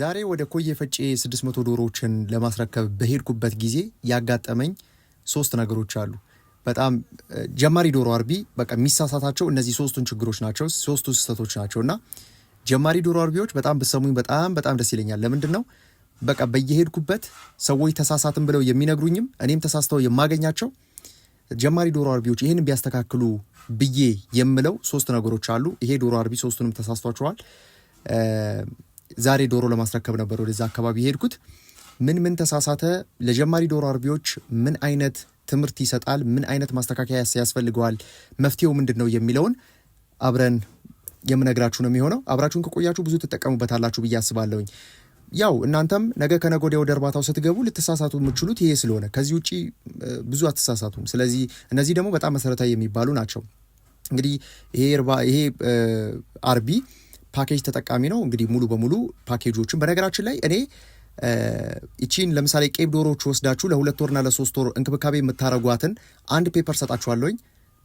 ዛሬ ወደ ኮዬ ፈጬ 600 ዶሮዎችን ለማስረከብ በሄድኩበት ጊዜ ያጋጠመኝ ሶስት ነገሮች አሉ። በጣም ጀማሪ ዶሮ አርቢ በቃ የሚሳሳታቸው እነዚህ ሶስቱን ችግሮች ናቸው፣ ሶስቱ ስህተቶች ናቸው እና ጀማሪ ዶሮ አርቢዎች በጣም ብሰሙኝ በጣም በጣም ደስ ይለኛል። ለምንድን ነው በቃ በየሄድኩበት ሰዎች ተሳሳትን ብለው የሚነግሩኝም እኔም ተሳስተው የማገኛቸው ጀማሪ ዶሮ አርቢዎች ይህንን ቢያስተካክሉ ብዬ የምለው ሶስት ነገሮች አሉ። ይሄ ዶሮ አርቢ ሶስቱንም ተሳስቷቸዋል። ዛሬ ዶሮ ለማስረከብ ነበር ወደዛ አካባቢ የሄድኩት። ምን ምን ተሳሳተ፣ ለጀማሪ ዶሮ አርቢዎች ምን አይነት ትምህርት ይሰጣል፣ ምን አይነት ማስተካከያ ያስፈልገዋል፣ መፍትሄው ምንድን ነው የሚለውን አብረን የምነግራችሁ ነው የሚሆነው። አብራችሁን ከቆያችሁ ብዙ ትጠቀሙበታላችሁ ብዬ አስባለሁኝ። ያው እናንተም ነገ ከነገ ወዲያ ወደ እርባታው ስትገቡ ልትሳሳቱ የምችሉት ይሄ ስለሆነ ከዚህ ውጭ ብዙ አትሳሳቱም። ስለዚህ እነዚህ ደግሞ በጣም መሰረታዊ የሚባሉ ናቸው። እንግዲህ ይሄ አርቢ ፓኬጅ ተጠቃሚ ነው። እንግዲህ ሙሉ በሙሉ ፓኬጆችን በነገራችን ላይ እኔ ይቺን ለምሳሌ ቄብ ዶሮዎች ወስዳችሁ ለሁለት ወርና ለሶስት ወር እንክብካቤ የምታረጓትን አንድ ፔፐር ሰጣችኋለኝ።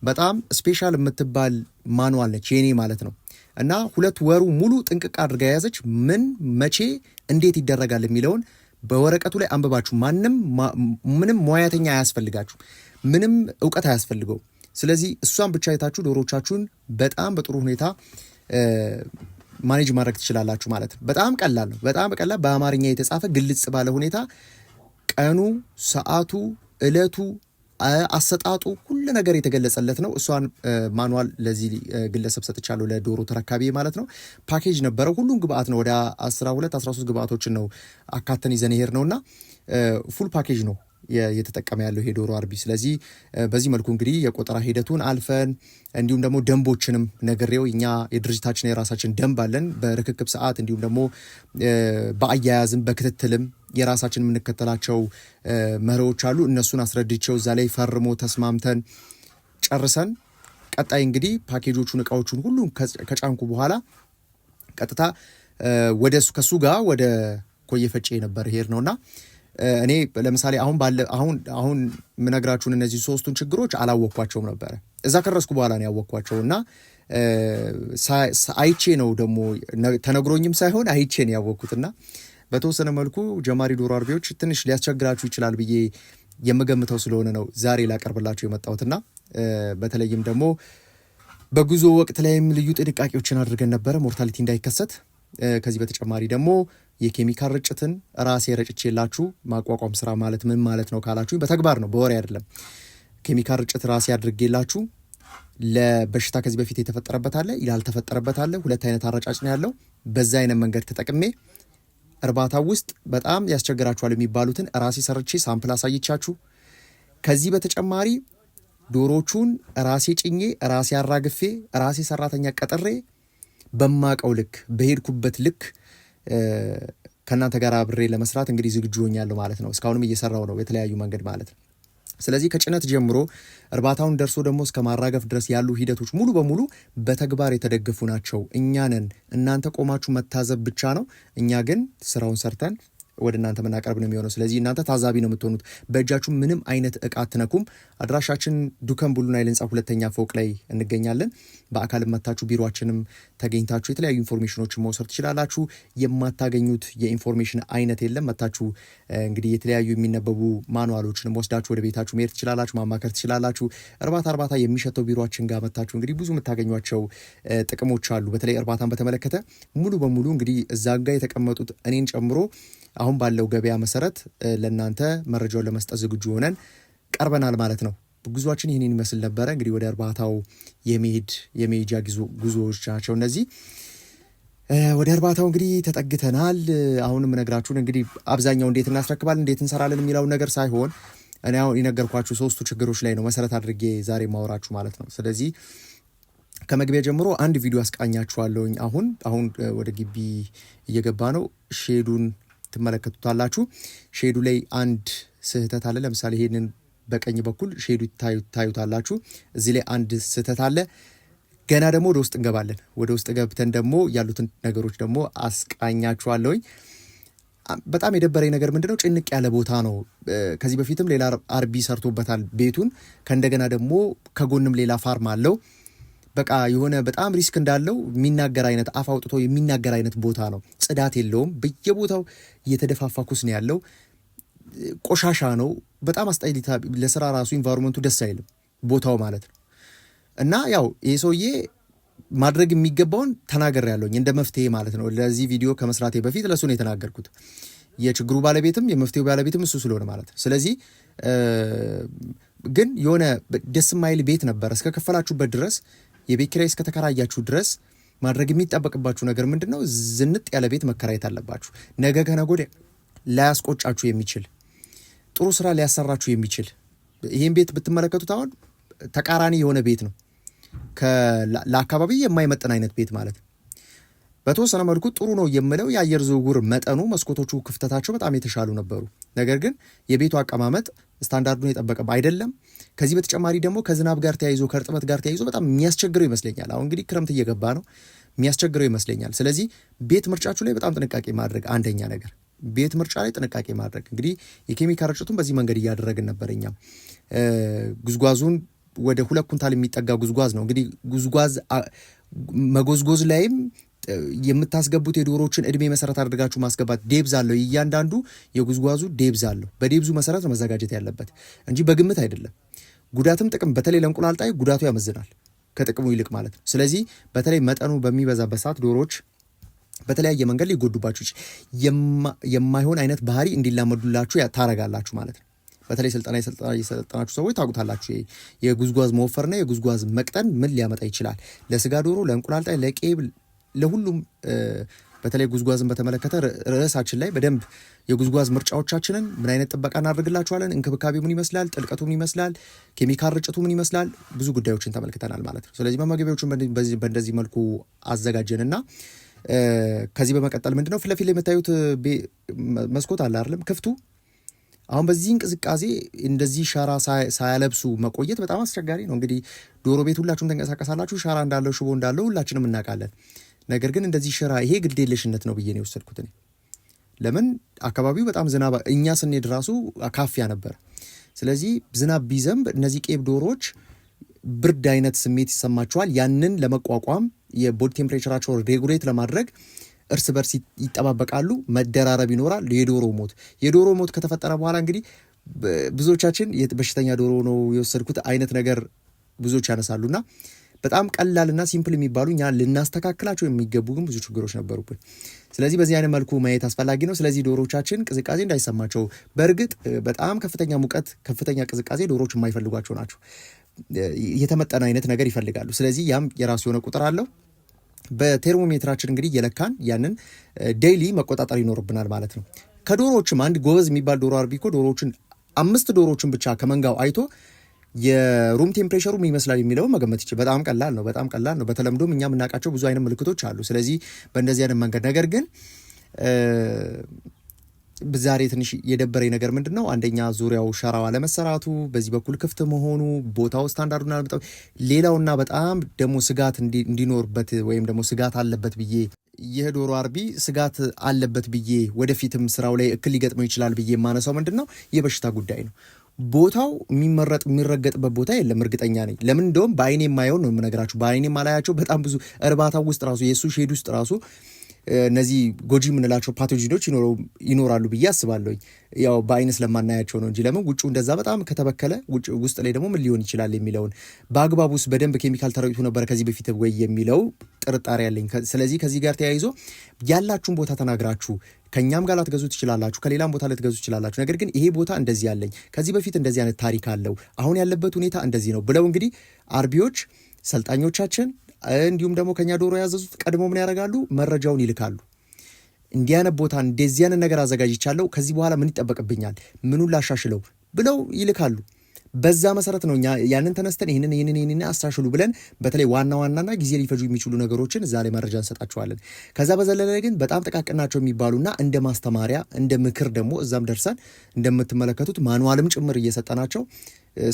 በጣም ስፔሻል የምትባል ማንዋል ነች የኔ ማለት ነው። እና ሁለት ወሩ ሙሉ ጥንቅቅ አድርጋ የያዘች ምን መቼ እንዴት ይደረጋል የሚለውን በወረቀቱ ላይ አንብባችሁ ማንም ምንም ሙያተኛ አያስፈልጋችሁ፣ ምንም እውቀት አያስፈልገው። ስለዚህ እሷን ብቻ አይታችሁ ዶሮቻችሁን በጣም በጥሩ ሁኔታ ማኔጅ ማድረግ ትችላላችሁ ማለት ነው። በጣም ቀላል ነው። በጣም ቀላል በአማርኛ የተጻፈ ግልጽ ባለ ሁኔታ ቀኑ፣ ሰዓቱ፣ እለቱ፣ አሰጣጡ ሁሉ ነገር የተገለጸለት ነው። እሷን ማኑዋል ለዚህ ግለሰብ ሰጥቻለሁ ለዶሮ ተረካቢ ማለት ነው። ፓኬጅ ነበረው። ሁሉም ግብአት ነው። ወደ 12 13 ግብአቶችን ነው አካተን ይዘን ይሄድ ነውና ፉል ፓኬጅ ነው እየተጠቀመ ያለው ይሄ ዶሮ አርቢ። ስለዚህ በዚህ መልኩ እንግዲህ የቆጠራ ሂደቱን አልፈን እንዲሁም ደግሞ ደንቦችንም ነግሬው እኛ የድርጅታችን የራሳችን ደንብ አለን በርክክብ ሰዓት እንዲሁም ደግሞ በአያያዝም በክትትልም የራሳችን የምንከተላቸው መሪዎች አሉ። እነሱን አስረድቼው እዛ ላይ ፈርሞ ተስማምተን ጨርሰን ቀጣይ እንግዲህ ፓኬጆቹን እቃዎቹን ሁሉ ከጫንኩ በኋላ ቀጥታ ወደ ከሱ ጋር ወደ ኮየ ፈጬ ነበር ሄድ ነውና እኔ ለምሳሌ አሁን ባለ አሁን አሁን የምነግራችሁን እነዚህ ሶስቱን ችግሮች አላወቅኳቸውም ነበረ። እዛ ከረስኩ በኋላ ነው ያወቅኳቸው እና አይቼ ነው ደግሞ ተነግሮኝም ሳይሆን አይቼ ነው ያወቅኩትና በተወሰነ መልኩ ጀማሪ ዶሮ አርቢዎች ትንሽ ሊያስቸግራችሁ ይችላል ብዬ የምገምተው ስለሆነ ነው ዛሬ ላቀርብላችሁ የመጣሁትና በተለይም ደግሞ በጉዞ ወቅት ላይም ልዩ ጥንቃቄዎችን አድርገን ነበረ ሞርታሊቲ እንዳይከሰት ከዚህ በተጨማሪ ደግሞ የኬሚካል ርጭትን ራሴ ረጭቼላችሁ ማቋቋም ስራ ማለት ምን ማለት ነው ካላችሁ፣ በተግባር ነው በወሬ አይደለም። ኬሚካል ርጭት ራሴ አድርጌላችሁ ለበሽታ ከዚህ በፊት የተፈጠረበት አለ፣ ያልተፈጠረበት አለ። ሁለት አይነት አረጫጭ ነው ያለው። በዛ አይነት መንገድ ተጠቅሜ እርባታ ውስጥ በጣም ያስቸግራችኋል የሚባሉትን ራሴ ሰርቼ ሳምፕል አሳይቻችሁ። ከዚህ በተጨማሪ ዶሮቹን ራሴ ጭኜ ራሴ አራግፌ ራሴ ሰራተኛ ቀጥሬ በማቀው ልክ በሄድኩበት ልክ ከእናንተ ጋር አብሬ ለመስራት እንግዲህ ዝግጁ ሆኛለሁ ማለት ነው። እስካሁንም እየሰራው ነው የተለያዩ መንገድ ማለት ነው። ስለዚህ ከጭነት ጀምሮ እርባታውን ደርሶ ደግሞ እስከ ማራገፍ ድረስ ያሉ ሂደቶች ሙሉ በሙሉ በተግባር የተደገፉ ናቸው። እኛንን እናንተ ቆማችሁ መታዘብ ብቻ ነው። እኛ ግን ስራውን ሰርተን ወደ እናንተ መናቀርብ ነው የሚሆነው። ስለዚህ እናንተ ታዛቢ ነው የምትሆኑት። በእጃችሁ ምንም አይነት እቃ አትነኩም። አድራሻችን ዱከም ቡሉን ኃይል ህንፃ ሁለተኛ ፎቅ ላይ እንገኛለን። በአካል መታችሁ ቢሮችንም ተገኝታችሁ የተለያዩ ኢንፎርሜሽኖችን መውሰድ ትችላላችሁ። የማታገኙት የኢንፎርሜሽን አይነት የለም። መታችሁ እንግዲህ የተለያዩ የሚነበቡ ማኑዋሎችንም ወስዳችሁ ወደ ቤታችሁ መሄድ ትችላላችሁ፣ ማማከር ትችላላችሁ። እርባታ እርባታ የሚሸተው ቢሮችን ጋር መታችሁ እንግዲህ ብዙ የምታገኟቸው ጥቅሞች አሉ። በተለይ እርባታን በተመለከተ ሙሉ በሙሉ እንግዲህ እዛ የተቀመጡት እኔን ጨምሮ አሁን ባለው ገበያ መሰረት ለእናንተ መረጃውን ለመስጠት ዝግጁ ሆነን ቀርበናል ማለት ነው። ጉዟችን ይህንን ይመስል ነበረ። እንግዲህ ወደ እርባታው የመሄድ የመሄጃ ጉዞዎች ናቸው እነዚህ። ወደ እርባታው እንግዲህ ተጠግተናል። አሁንም ነግራችሁን እንግዲህ አብዛኛው እንዴት እናስረክባለን፣ እንዴት እንሰራለን የሚለውን ነገር ሳይሆን እኔ አሁን የነገርኳችሁ ሶስቱ ችግሮች ላይ ነው መሰረት አድርጌ ዛሬ ማወራችሁ ማለት ነው። ስለዚህ ከመግቢያ ጀምሮ አንድ ቪዲዮ አስቃኛችኋለሁኝ። አሁን አሁን ወደ ግቢ እየገባ ነው ሼዱን ትመለከቱታላችሁ። ሼዱ ላይ አንድ ስህተት አለ። ለምሳሌ ይሄንን በቀኝ በኩል ሼዱ ታዩታላችሁ። እዚህ ላይ አንድ ስህተት አለ። ገና ደግሞ ወደ ውስጥ እንገባለን። ወደ ውስጥ ገብተን ደግሞ ያሉትን ነገሮች ደግሞ አስቃኛችኋለሁኝ። በጣም የደበረኝ ነገር ምንድነው ጭንቅ ያለ ቦታ ነው። ከዚህ በፊትም ሌላ አርቢ ሰርቶበታል ቤቱን ከእንደገና ደግሞ ከጎንም ሌላ ፋርም አለው። በቃ የሆነ በጣም ሪስክ እንዳለው የሚናገር አይነት አፍ አውጥቶ የሚናገር አይነት ቦታ ነው። ጽዳት የለውም። በየቦታው እየተደፋፋ ኩስ ነው ያለው። ቆሻሻ ነው። በጣም አስጠይታ ለስራ ራሱ ኢንቫይሮመንቱ ደስ አይልም ቦታው ማለት ነው። እና ያው ይህ ሰውዬ ማድረግ የሚገባውን ተናገር ያለውኝ እንደ መፍትሄ ማለት ነው። ለዚህ ቪዲዮ ከመስራቴ በፊት ለእሱ ነው የተናገርኩት። የችግሩ ባለቤትም የመፍትሄው ባለቤትም እሱ ስለሆነ ማለት ነው። ስለዚህ ግን የሆነ ደስ የማይል ቤት ነበር እስከ ከፈላችሁበት ድረስ የቤት ኪራይ እስከተከራያችሁ ድረስ ማድረግ የሚጠበቅባችሁ ነገር ምንድን ነው? ዝንጥ ያለ ቤት መከራየት አለባችሁ። ነገ ከነገ ወዲያ ላያስቆጫችሁ የሚችል ጥሩ ስራ ሊያሰራችሁ የሚችል ይህን ቤት ብትመለከቱት አሁን ተቃራኒ የሆነ ቤት ነው። ለአካባቢ የማይመጠን አይነት ቤት ማለት ነው። በተወሰነ መልኩ ጥሩ ነው የምለው የአየር ዝውውር መጠኑ፣ መስኮቶቹ ክፍተታቸው በጣም የተሻሉ ነበሩ። ነገር ግን የቤቱ አቀማመጥ ስታንዳርዱን የጠበቀም አይደለም። ከዚህ በተጨማሪ ደግሞ ከዝናብ ጋር ተያይዞ ከእርጥበት ጋር ተያይዞ በጣም የሚያስቸግረው ይመስለኛል። አሁን እንግዲህ ክረምት እየገባ ነው፣ የሚያስቸግረው ይመስለኛል። ስለዚህ ቤት ምርጫችሁ ላይ በጣም ጥንቃቄ ማድረግ አንደኛ ነገር፣ ቤት ምርጫ ላይ ጥንቃቄ ማድረግ እንግዲህ የኬሚካል ርጭቱን በዚህ መንገድ እያደረግን ነበር እኛም ጉዝጓዙን ወደ ሁለት ኩንታል የሚጠጋ ጉዝጓዝ ነው እንግዲህ ጉዝጓዝ መጎዝጎዝ ላይም የምታስገቡት የዶሮዎችን እድሜ መሰረት አድርጋችሁ ማስገባት ዴብዝ አለው። እያንዳንዱ የጉዝጓዙ ዴብዝ አለው። በዴብዙ መሰረት ነው መዘጋጀት ያለበት እንጂ በግምት አይደለም። ጉዳትም ጥቅም በተለይ ለእንቁላል ጣይ ጉዳቱ ያመዝናል ከጥቅሙ ይልቅ ማለት ነው። ስለዚህ በተለይ መጠኑ በሚበዛበት ሰዓት ዶሮዎች በተለያየ መንገድ ሊጎዱባችሁ የማይሆን አይነት ባህሪ እንዲላመዱላችሁ ታረጋላችሁ ማለት ነው። በተለይ ስልጠና የሰለጠናችሁ ሰዎች ታውቁታላችሁ። የጉዝጓዝ መወፈርና የጉዝጓዝ መቅጠን ምን ሊያመጣ ይችላል? ለስጋ ዶሮ፣ ለእንቁላል ጣይ፣ ለቄብ፣ ለሁሉም በተለይ ጉዝጓዝን በተመለከተ ርዕሳችን ላይ በደንብ የጉዝጓዝ ምርጫዎቻችንን ምን አይነት ጥበቃ እናደርግላችኋለን፣ እንክብካቤ ምን ይመስላል፣ ጥልቀቱ ምን ይመስላል፣ ኬሚካል ርጭቱ ምን ይመስላል፣ ብዙ ጉዳዮችን ተመልክተናል ማለት ነው። ስለዚህ መመገቢያዎቹን በእንደዚህ መልኩ አዘጋጀንና ከዚህ በመቀጠል ምንድነው ነው ፊት ለፊት የምታዩት መስኮት አለ አይደለም ክፍቱ። አሁን በዚህ እንቅስቃሴ እንደዚህ ሸራ ሳያለብሱ መቆየት በጣም አስቸጋሪ ነው። እንግዲህ ዶሮ ቤት ሁላችሁም ተንቀሳቀሳላችሁ፣ ሸራ እንዳለው ሽቦ እንዳለው ሁላችንም እናውቃለን። ነገር ግን እንደዚህ ሽራ ይሄ ግዴለሽነት ነው ብዬ ነው የወሰድኩት እኔ። ለምን አካባቢው በጣም ዝናብ እኛ ስንሄድ ራሱ ካፊያ ነበር። ስለዚህ ዝናብ ቢዘንብ እነዚህ ቄብ ዶሮዎች ብርድ አይነት ስሜት ይሰማቸዋል። ያንን ለመቋቋም የቦዲ ቴምፕሬቸራቸውን ሬጉሌት ለማድረግ እርስ በርስ ይጠባበቃሉ። መደራረብ ይኖራል። የዶሮ ሞት የዶሮ ሞት ከተፈጠረ በኋላ እንግዲህ ብዙዎቻችን በሽተኛ ዶሮ ነው የወሰድኩት አይነት ነገር ብዙዎች ያነሳሉና በጣም ቀላልና ሲምፕል የሚባሉ እኛ ልናስተካክላቸው የሚገቡ ግን ብዙ ችግሮች ነበሩብን። ስለዚህ በዚህ አይነት መልኩ ማየት አስፈላጊ ነው። ስለዚህ ዶሮቻችን ቅዝቃዜ እንዳይሰማቸው፣ በእርግጥ በጣም ከፍተኛ ሙቀት፣ ከፍተኛ ቅዝቃዜ ዶሮች የማይፈልጓቸው ናቸው። የተመጠነ አይነት ነገር ይፈልጋሉ። ስለዚህ ያም የራሱ የሆነ ቁጥር አለው። በቴርሞሜትራችን እንግዲህ የለካን ያንን ዴይሊ መቆጣጠር ይኖርብናል ማለት ነው። ከዶሮዎችም አንድ ጎበዝ የሚባል ዶሮ አርቢ እኮ ዶሮዎችን አምስት ዶሮዎችን ብቻ ከመንጋው አይቶ የሩም ቴምፕሬቸሩ ምን ይመስላል የሚለው መገመት ይችላል። በጣም ቀላል ነው፣ በጣም ቀላል ነው። በተለምዶም እኛ የምናውቃቸው ብዙ አይነት ምልክቶች አሉ። ስለዚህ በእንደዚህ አይነት መንገድ ነገር ግን ዛሬ ትንሽ የደበረኝ ነገር ምንድን ነው? አንደኛ ዙሪያው ሸራው አለመሰራቱ፣ በዚህ በኩል ክፍት መሆኑ፣ ቦታው ስታንዳርዱን አለመጠ ሌላውና በጣም ደግሞ ስጋት እንዲኖርበት ወይም ደግሞ ስጋት አለበት ብዬ ይህ ዶሮ አርቢ ስጋት አለበት ብዬ ወደፊትም ስራው ላይ እክል ሊገጥመው ይችላል ብዬ የማነሳው ምንድን ነው የበሽታ ጉዳይ ነው። ቦታው የሚመረጥ የሚረገጥበት ቦታ የለም፣ እርግጠኛ ነኝ። ለምን እንደውም በአይኔ የማየው ነው የምነግራችሁ። በአይኔ ማላያቸው በጣም ብዙ እርባታ ውስጥ ራሱ የእሱ ሼድ ውስጥ ራሱ እነዚህ ጎጂ የምንላቸው ፓቶጂኖች ይኖራሉ ብዬ አስባለሁኝ። ያው በአይን ስለማናያቸው ነው እንጂ ለምን ውጩ እንደዛ በጣም ከተበከለ ውስጥ ላይ ደግሞ ምን ሊሆን ይችላል የሚለውን በአግባብ ውስጥ በደንብ ኬሚካል ተረጭቶ ነበረ ከዚህ በፊት ወይ የሚለው ጥርጣሬ ያለኝ። ስለዚህ ከዚህ ጋር ተያይዞ ያላችሁን ቦታ ተናግራችሁ ከእኛም ጋር ላትገዙ ትችላላችሁ፣ ከሌላም ቦታ ልትገዙ ትችላላችሁ። ነገር ግን ይሄ ቦታ እንደዚህ ያለኝ ከዚህ በፊት እንደዚህ አይነት ታሪክ አለው፣ አሁን ያለበት ሁኔታ እንደዚህ ነው ብለው እንግዲህ አርቢዎች ሰልጣኞቻችን እንዲሁም ደግሞ ከኛ ዶሮ ያዘዙት ቀድሞ ምን ያደርጋሉ? መረጃውን ይልካሉ። እንዲያነ ቦታ እንደዚያን ነገር አዘጋጅቻለሁ፣ ከዚህ በኋላ ምን ይጠበቅብኛል፣ ምኑን ላሻሽለው ብለው ይልካሉ። በዛ መሰረት ነው እኛ ያንን ተነስተን ይህንን ይህንን ይህንን አሻሽሉ ብለን በተለይ ዋና ዋናና ጊዜ ሊፈጁ የሚችሉ ነገሮችን እዛ ላይ መረጃ እንሰጣቸዋለን። ከዛ በዘለለ ግን በጣም ጥቃቅን ናቸው የሚባሉና እንደ ማስተማሪያ እንደ ምክር ደግሞ እዛም ደርሰን እንደምትመለከቱት ማንዋልም ጭምር እየሰጠናቸው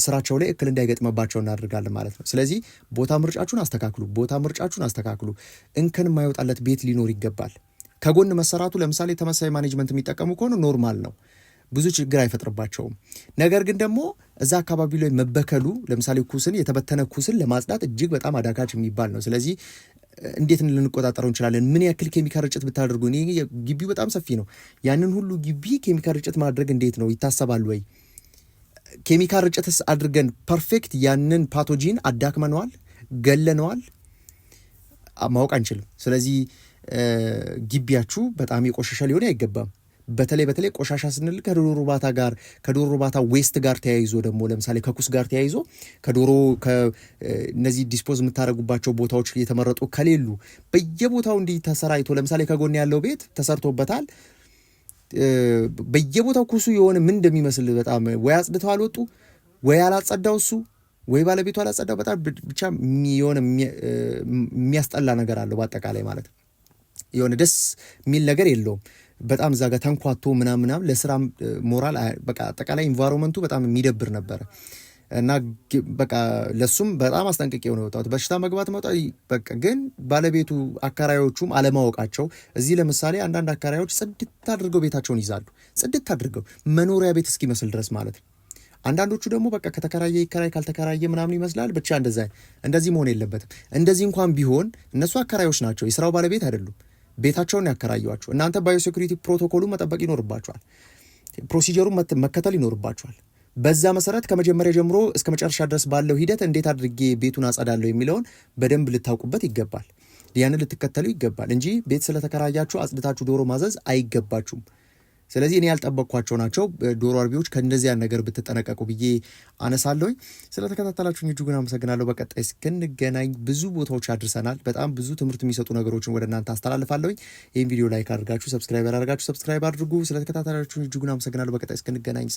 ስራቸው ላይ እክል እንዳይገጥመባቸው እናደርጋለን ማለት ነው። ስለዚህ ቦታ ምርጫችሁን አስተካክሉ፣ ቦታ ምርጫችሁን አስተካክሉ። እንከን የማይወጣለት ቤት ሊኖር ይገባል። ከጎን መሰራቱ ለምሳሌ ተመሳሳይ ማኔጅመንት የሚጠቀሙ ከሆነ ኖርማል ነው። ብዙ ችግር አይፈጥርባቸውም። ነገር ግን ደግሞ እዛ አካባቢ ላይ መበከሉ ለምሳሌ ኩስን የተበተነ ኩስን ለማጽዳት እጅግ በጣም አዳጋች የሚባል ነው። ስለዚህ እንዴት ልንቆጣጠረው እንችላለን? ምን ያክል ኬሚካል ርጭት ብታደርጉ? ግቢው በጣም ሰፊ ነው። ያንን ሁሉ ግቢ ኬሚካል ርጭት ማድረግ እንዴት ነው ይታሰባል ወይ? ኬሚካል ርጭትስ አድርገን ፐርፌክት ያንን ፓቶጂን አዳክመነዋል፣ ገለነዋል? ማወቅ አንችልም። ስለዚህ ግቢያችሁ በጣም የቆሸሸ ሊሆን አይገባም። በተለይ በተለይ ቆሻሻ ስንል ከዶሮ እርባታ ጋር ከዶሮ እርባታ ዌስት ጋር ተያይዞ ደግሞ ለምሳሌ ከኩስ ጋር ተያይዞ ከዶሮ እነዚህ ዲስፖዝ የምታደርጉባቸው ቦታዎች የተመረጡ ከሌሉ በየቦታው እንዲህ ተሰራይቶ ለምሳሌ ከጎን ያለው ቤት ተሰርቶበታል። በየቦታው ኩሱ የሆነ ምን እንደሚመስል በጣም ወይ አጽድተው አልወጡ ወይ አላጸዳው እሱ ወይ ባለቤቱ አላጸዳው። በጣም ብቻ የሆነ የሚያስጠላ ነገር አለው። በአጠቃላይ ማለት የሆነ ደስ የሚል ነገር የለውም። በጣም እዛ ጋር ተንኳቶ ምናምናም ለስራ ሞራል በቃ አጠቃላይ ኢንቫይሮንመንቱ በጣም የሚደብር ነበረ እና በቃ ለሱም በጣም አስጠንቅቄ የሆነ የወጣሁት። በሽታ መግባት መውጣት በቃ ግን ባለቤቱ አካራዮቹም አለማወቃቸው እዚህ ለምሳሌ አንዳንድ አካራዮች ጽድት አድርገው ቤታቸውን ይዛሉ፣ ጽድት አድርገው መኖሪያ ቤት እስኪመስል ድረስ ማለት ነው። አንዳንዶቹ ደግሞ በቃ ከተከራየ ይከራይ ካልተከራየ ምናምን ይመስላል። ብቻ እንደዛ እንደዚህ መሆን የለበትም። እንደዚህ እንኳን ቢሆን እነሱ አካራዮች ናቸው፣ የስራው ባለቤት አይደሉም። ቤታቸውን ያከራዩዋቸው። እናንተ ባዮሴኩሪቲ ፕሮቶኮሉ መጠበቅ ይኖርባቸዋል። ፕሮሲጀሩን መከተል ይኖርባቸዋል። በዛ መሰረት ከመጀመሪያ ጀምሮ እስከ መጨረሻ ድረስ ባለው ሂደት እንዴት አድርጌ ቤቱን አጸዳለሁ የሚለውን በደንብ ልታውቁበት ይገባል። ያንን ልትከተሉ ይገባል እንጂ ቤት ስለተከራያችሁ አጽድታችሁ ዶሮ ማዘዝ አይገባችሁም። ስለዚህ እኔ ያልጠበቅኳቸው ናቸው። ዶሮ አርቢዎች ከእንደዚያ ነገር ብትጠነቀቁ ብዬ አነሳለሁኝ። ስለተከታተላችሁኝ እጅጉን አመሰግናለሁ። በቀጣይ እስክንገናኝ ብዙ ቦታዎች አድርሰናል። በጣም ብዙ ትምህርት የሚሰጡ ነገሮችን ወደ እናንተ አስተላልፋለሁኝ። ይህም ቪዲዮ ላይክ አድርጋችሁ ሰብስክራይብ አድርጋችሁ ሰብስክራይብ አድርጉ። ስለተከታተላችሁኝ እጅጉን አመሰግናለሁ። በቀጣይ እስክንገናኝ